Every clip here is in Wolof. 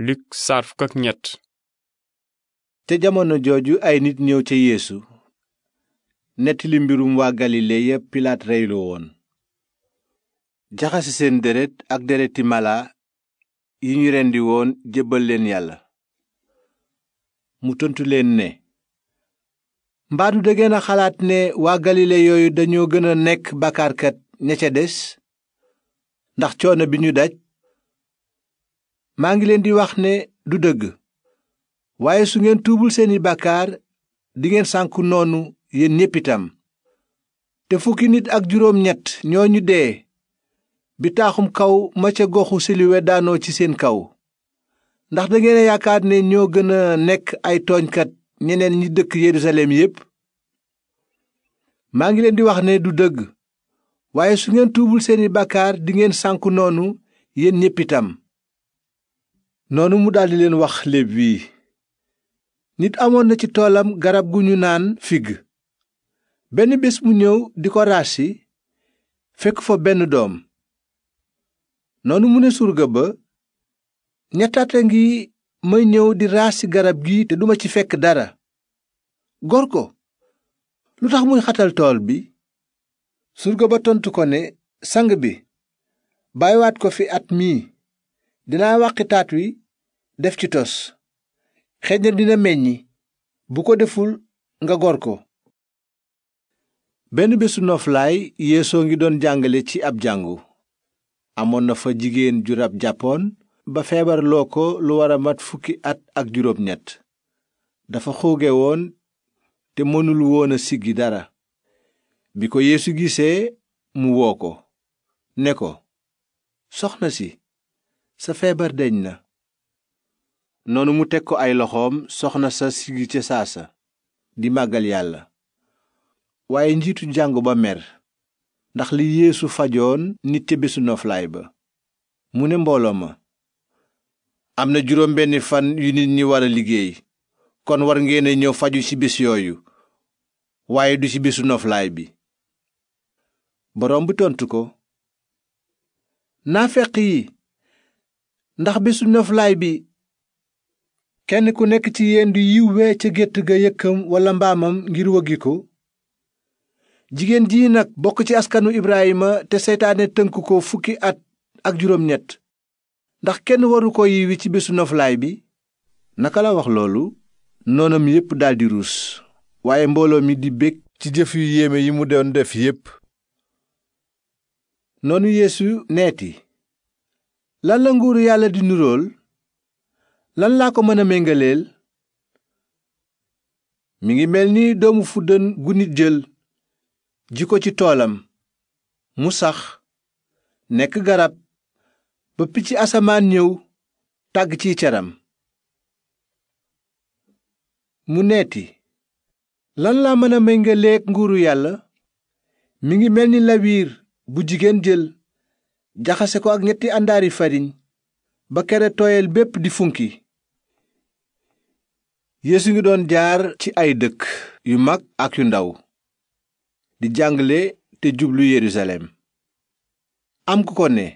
Luk saar fukk jamono jooju ay nit ñëw ca yéesu nettali mbirum waa galile ya pilaat reylu woon jaxase seen deret ak dereti mala yi ñu rendi woon jébbal leen yàlla mu tontu leen ne mbaadu dangeen na xalaat ne waa galile yooyu dañoo gën a nekk bàkkaarkat ña ca des ndax coono bi ñu daj maa ngi leen di wax ne du dëgg waaye su ngeen tuubul seeni bàkkaar dingeen sànku noonu yéen ñépp te fukki nit ak juróom ñett ñooñu dee bi taaxum kaw ma ca goxu siliwe daanoo ci seen kaw ndax dangeen a yaakaar ne ñoo gën a nekk ay tooñkat ñeneen ñi dëkk Yerusalem yépp maa ngi leen di wax ne du dëgg waaye su ngeen tuubul seeni bàkkaar dingeen sànku noonu yéen ñépp noonu mu daldi leen wax léeb wii nit amoon na ci toolam garab gu ñu naan figg benn bés mu ñëw di ko raasi fekk fa benn doom noonu mu ne surga ba ñettaate ngi may ñëw di raasi garab gi te duma ci fekk dara gor ko lu tax muy xatal tool bi surga ba tontu ko ne sang bi bàyyiwaat ko fi at mii dinaa wàqi taat wi def ci tos xëj na dina meññi bu ko deful nga gor ko benn bésu noflaay yéesoo ngi doon jàngale ci ab jàngu amoon na fa jigéen ju jàppoon ba feebarloo ko lu war a mat fukki at ak juróom ñett dafa xooge woon te mënul woon a siggi dara bi ko yeesu gisee mu woo ko ne ko soxna si sa feebar deñ na noonu mu teg ko ay loxoom soxna sa siggi ca saasa di màggal yàlla waaye njiitu jàngu ba mer ndax li yéesu fajoon nit ca bésu noflaay ba mu ne mbooloo ma am na juróom benni fan yu nit ñi war a liggéey kon war ngeen a ñëw faju ci bés yooyu waaye du ci bésu bi boroom bi bésu noflaay bi kenn ku nekk ci yéen di yiwwe ca gétt ga yëkkam walla mbaamam ngir wëggi ko jigéen jii nag bokk ci askanu Ibrahima te seytaane tënk ko fukki at ak juróom ñett ndax kenn waru ko yiwi ci bésu noflaay bi naka la wax loolu noonam yépp daldi ruus waaye mbooloo mi di bég ci jëf yu yéeme yi mu doon def yépp noonu Yeesu neeti lan la nguuru yàlla di nurool lan laa ko mën a méngaleel mi ngi mel ni doomu fuddën gu nit jël ji ko ci toolam mu sax nekk garab ba picc asamaan ñëw tàgg ciy ceram mu neeti lan laa mën a méngaleek nguuru yàlla mi ngi mel ni lawiir bu jigéen jël jaxase ko ak ñetti àndaari fariñ ba kere tooyal bépp di funki yéesu ngi doon jaar ci ay dëkk yu mag ak yu ndaw di jàngale te jublu yerusalem am ku ko ne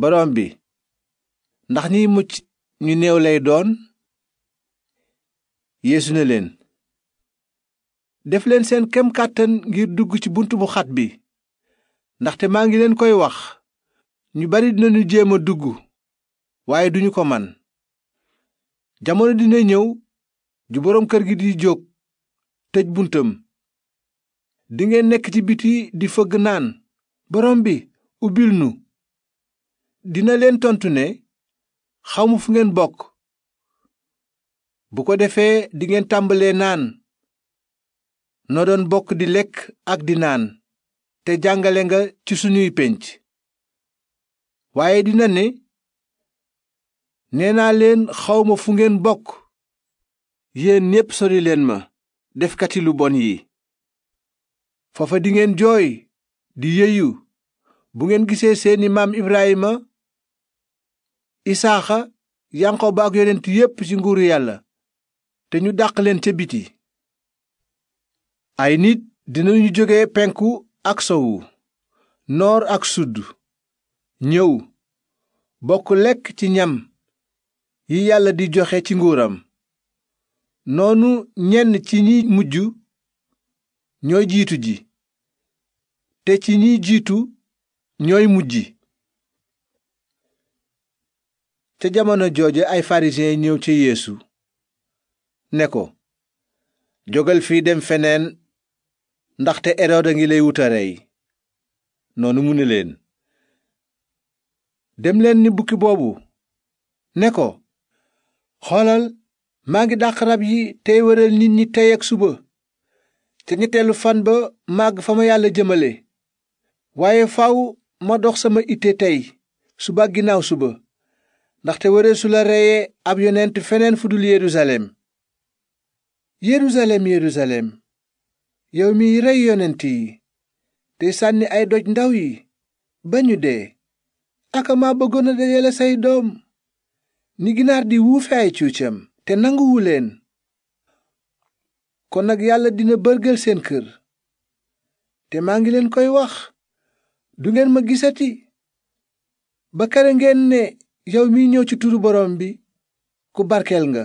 borom bi ndax ñiy mucc ñu néew lay doon yéesu ne leen def leen seen kem kàttan ngir dugg ci bunt bu xat bi ndaxte maa ngi leen koy wax ñu bari dinañu jéem a dugg waaye duñu ko man jamono dina ñëw ju boroom kër gi di jóg tëj buntam dingeen nekk ci biti di fëgg naan borom bi ubbil nu dina leen tontu ne xawma fu ngeen bokk bu ko defee dingeen tàmbalee naan noo doon bokk di lekk ak di naan te jàngale nga ci suñuy pénc waaye dina ne nee naa leen xawma fu ngeen bokk yéen ñépp sori leen ma defkati lu bon yi foofa dingeen jooy di yeyu bu ngeen gisee seeni maam ibrahima isaaxa yanqooba ak yonent yépp ci nguuru yàlla te ñu dàq leen ca biti ay nit dinañu jóge penku ak sowu noor ak sud ñëw bokk lekk ci ñam yi yàlla di joxe ci nguuram noonu ñenn ci ñi mujj ñooy jiitu ji te ci ñiy jiitu ñooy mujj ca jamono jooje ay farisiyen ñëw ci yéesu ne ko jógal fii dem feneen ndaxte erod a ngi lay wuta rey noonu mu ni leen demleen ni bukki boobu ne ko xoolal maa ngi dàq rab yi tey wéral nit ñi tey ak suba te ñetteelu fan ba màgg fa ma yàlla jëmale waaye faw ma dox sama itte tey suba ginnaaw suba ndaxte wéresu la reye ab yonent feneen fu dul yerusalem yerusalem yerusalem yow miy rey yonent yi te sànni ay doj ndaw yi ba ñu dee aka ma bëggoon a say doom ni ginaar di wuufe ay cuucam te nanguwu leen kon nag yàlla dina bërgël seen kër te maa ngi leen koy wax du ngeen ma gisati ba kere ngeen ne yow miy ñëw ci turu borom bi ku barkeel nga